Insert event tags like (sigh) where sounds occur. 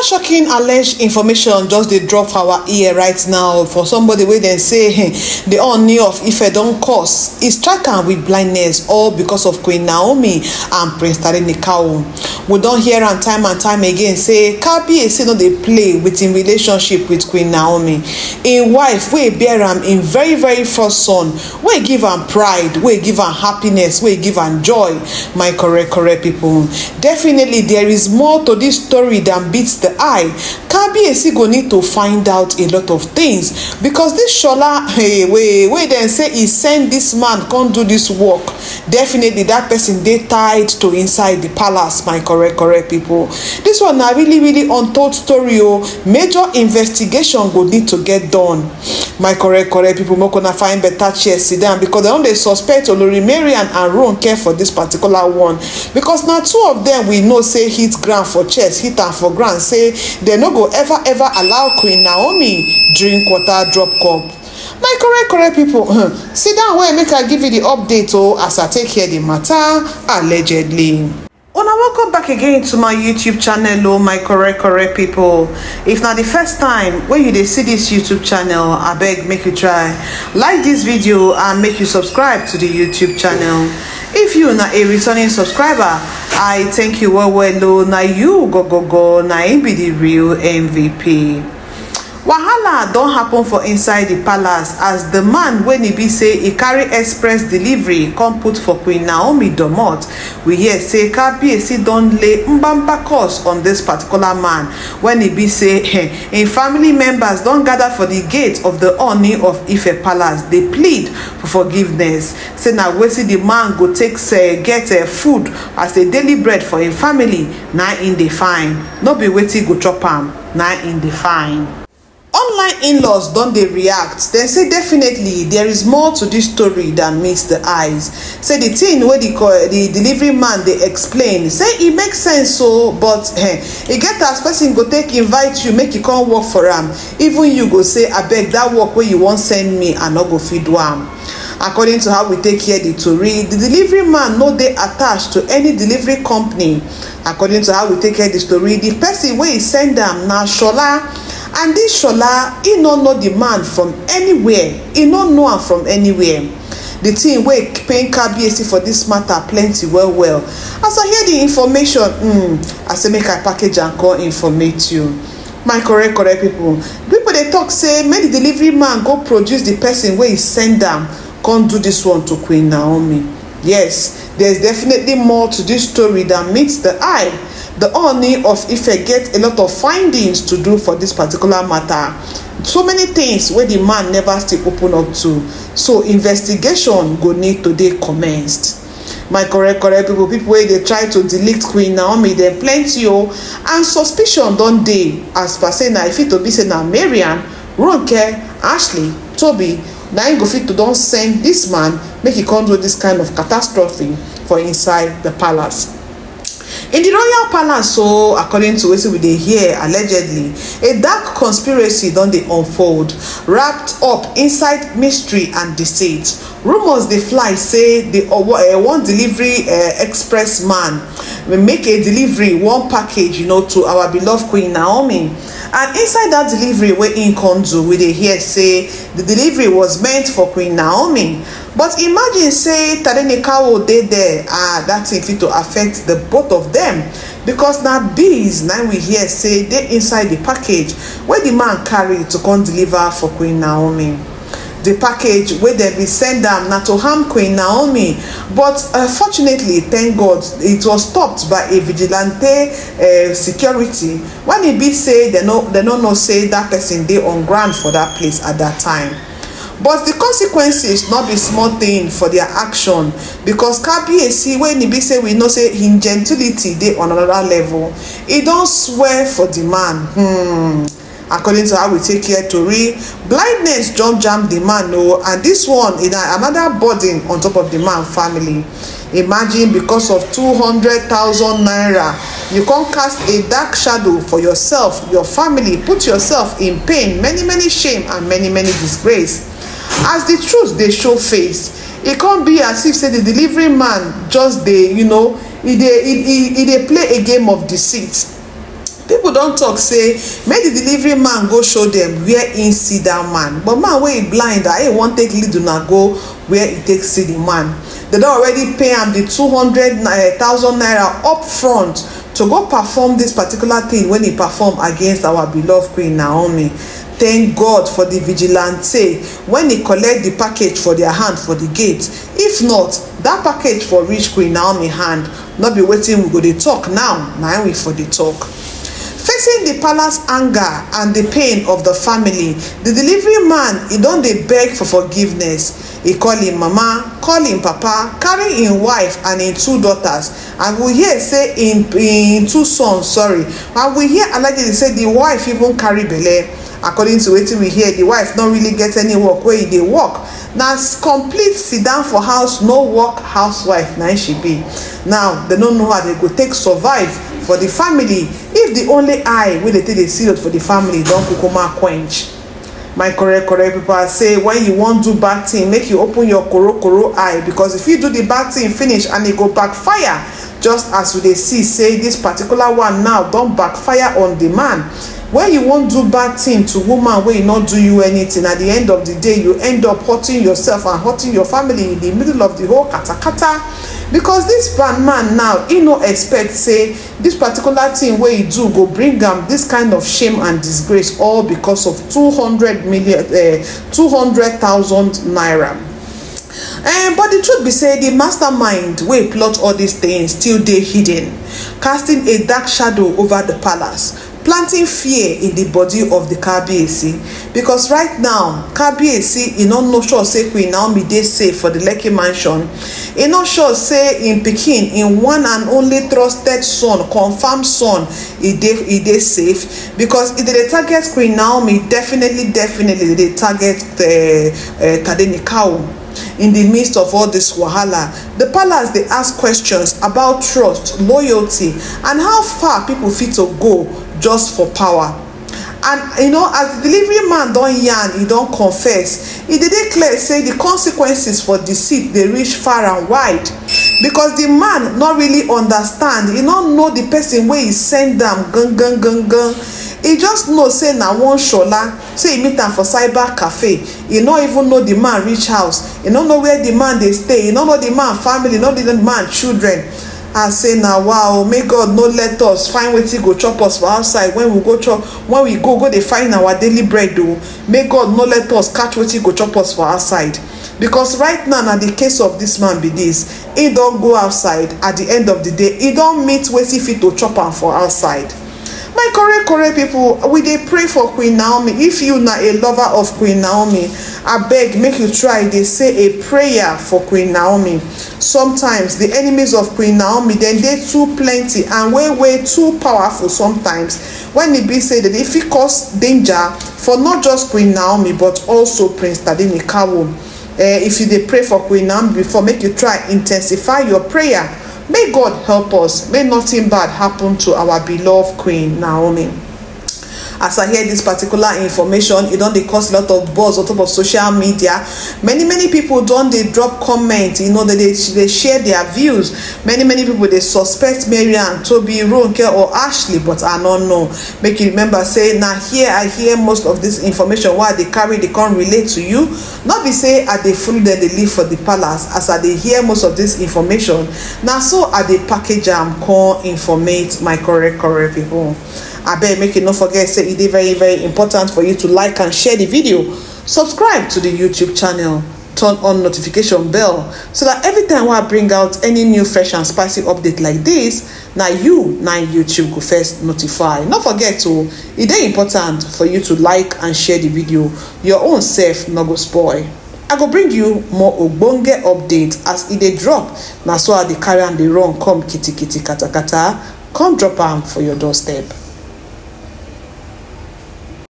anoda shocking alleged information just dey drop for our ear right now for somebody wey dem say di honey of if I don't cause is strike am wit blindness all because of queen naomi and prince tarenikawo we don't hear and time and time again say kabiyesi no dey play wit im relationship with queen naomi im wife we bear him, im very very first son we give him pride we give him happiness we give him joy my correct correct people, definitely there is more to this story than beats the the eye, Kabiyesi go need to find out a lot of things because this Shola, hey, (laughs) eh, wey wey dem say e send this man come do this work definitely that person dey tied to inside the palace my correct correct people this one na really really untold story o oh. major investigation go need to get done my correct correct people make una find better chair sit down because dem don dey suspect olori mariam and ronke for this particular one because na two of dem we know say hit ground for chest hit am for ground say dem no go ever ever allow queen naomi drink water drop cup my correct correct people (laughs) sit down well make i give you the update o oh, as i take take care the matter allegedly una welcome back again to my youtube channel o oh, my correct correct people. if not the first time wey you dey see this youtube channel I beg make you try like this video and make you subscribe to the youtube channel if you not a returning subscriber i thank you well well o oh, na you go go go na be the real mvp wahala don happen for inside di palace as di man wey e be say e carry express delivery come put for queen naomi domot we hear say kabiyesi don lay mbamba curse on dis particular man wen e be say im family members don gather for di gate of di Ooni of Ife palace dey plead for forgiveness say na wetin di man go take say eh, get eh, food as a daily bread for im family na im dey fine, no be wetin go chop am na im dey fine online in-laws don dey react dem say definitely there is more to dis story than meets the eyes say di tin wey the delivery man dey explain say e make sense o but eh, e get as person go take invite you make you e come work for am even you go say abeg that work wey you wan send me i no go fit do am according to how we take hear the tori the delivery man no dey attached to any delivery company according to how we take hear the story the person wey e send am na shola and this shola he no know the man from anywhere He no know am from anywhere The thing wey pain kbac for this matter plenty well well as i hear the information hmm, i say make i package am come informate you my correct correct people. People dey talk say make the delivery man go produce the person wey he send am come do this one to queen naomi yes there is definitely more to this story than meets the eye the Oni of if I get a lot of findings to do for this particular matter. So many things wey the man never still open up to. So investigation go need to dey commenced. my correct correct pipo pipo wey dey try to delete queen naomi dem plenty o and suspicion don dey as per say na e fit to be say na marian ronke ashley toby na im go fit to don send dis man make e come do dis kind of catastrophe for inside the palace in the royal palace so according to what we dey hear allegedly a dark conspiracy done dey unfold wrapped up inside mystery and deceit Rumors they fly say the uh, uh, one delivery uh, express man make a delivery one package you know to our beloved queen naomi and inside that delivery wey im come do we dey hear say the delivery was meant for queen naomi but imagine say tadenikawo dey there ah dat thing fit to affect the both of them because na bees na we hear say dey inside the package wey the man carry to come deliver for queen naomi The package wey dem bin send am na to harm queen naomi but uh, fortunately thank god it was stopped by a vigilante uh, security When e be say dem no no know say dat person dey on ground for dat place at dat time but di consequences no be small thing for dia action becos kabiyesi wey e be say we know say im gentility dey on anoda level e don swear for di man hmm according to how we take care to read, blindness don jam the man o and this one na another burden on top of the man family imagine because of two hundred thousand naira you con cast a dark shadow for yourself your family put yourself in pain many many shame and many many disgrace as the truth dey show face e con be as if say the delivery man just dey you know e dey e, e, e play a game of deceit People don talk. say make the delivery man go show them where im see dat man but man wey e blind na ah, im wan take lead una go where e take see di man They don already pay am hundred eh, thousand naira up front to go perform this particular thing. When he perform against our beloved queen naomi thank god for di vigilante when he collect the package for their hand for the gate if not that package for reach queen naomi hand no be wetin we go dey tok now na we for dey talk. Experiencing the palace anger and the pain of the family, the delivery man e don dey beg for forgiveness. He call him mama, call him papa, carry im wife and im two daughters. And we hear say in in two sons sorry. And we hear allegedly say the wife even carry belle. according to what we hear the wife don't really get any work where they work Now complete sit down for house no work housewife Now she be now they don't know how they could take survive for the family if the only eye wey dey take dey serious for the family don kukuma quench my correct correct people say when you wan do bad thing, make you open your korokoro eye because if you do the bad thing, finish and e go backfire just as we dey see say this particular one now don backfire on the man when you wan do bad thing to woman wey e no do you anything at the end of the day you end up hurting yourself and hurting your family in the middle of the whole katakata because this bad man now he no expect say this particular thing wey he do go bring am this kind of shame and disgrace all because of two hundred million eh, two hundred thousand naira eh, but the truth be say the mastermind wey plot all these things still dey hidden casting a dark shadow over the palace planting fear in the body of the kabiyesi because right now kabiyesi e no know sure say queen naomi dey safe for the lekki mansion e no sure say im pikin im one and only trusted son confam son e dey safe because if e dey target queen naomi definitely definitely dey target eh, eh, tadenikawo in the midst of all this wahala the palace dey ask questions about trust loyalty and how far people fit to go just for power and you know as the delivery man don yarn he don confess e dey dey clear say the consequences for deceit dey reach far and wide because the man no really understand He no know the person wey he send am gangan gangan e just know say na one shola say e meet am for cyber cafe He no even know the man reach house He no know where the man dey stay He no know the man family e no know the man children and say na wow May god no let us find wetin go chop us for outside when we go chop when we go go dey find our daily bread o oh, may god no let us catch wetin go chop us for outside because right now na the case of this man be this he don go outside at the end of the day he don meet wetin fit to chop am for outside my correct correct pipo we dey pray for queen naomi if you na a lover of queen naomi abeg make you try dey say a prayer for queen naomi sometimes the enemies of queen naomi dem dey too plenty and way way too powerful sometimes when e be say dem dey fit cause danger for not just queen naomi but also prince tadini kawo eh, if you dey pray for queen naomi before make you try intensify your prayer May God help us. May nothing bad happen to our beloved Queen Naomi. as i hear this particular information e don dey cause a lot of buzz on top of social media many many people don dey drop comment you know dey share their views many many people dey suspect marian tobi ronke or ashley but i no know make you remember say na here i hear most of this information wey i dey carry dey come relate to you not be say i dey follow dem dey live for the palace as i dey hear most of this information na so i dey package am come informate my correct correct people abeg make you no forget say e dey very very important for you to like and share the video subscribe to the youtube channel turn on notification bell so that every time wey i bring out any new fresh and spicy update like this, now you now youtube go first notify Not forget to it e is important for you to like and share the video your own self, no go spoil i go bring you more ogbonge update as it e dey drop Now so i dey carry am the run come kitty kitty kata kata come drop them for your doorstep